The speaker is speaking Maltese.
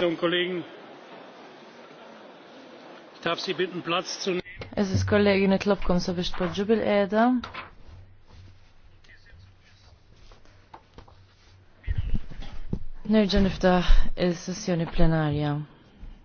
Kolleginnen und Kollegen, ich darf Sie bitten, Platz zu nehmen. Eżis kollegi nitlobkom sabiex tpoġġu bil-qeda. Nerġa' niftaħ is-sessjoni plenarja.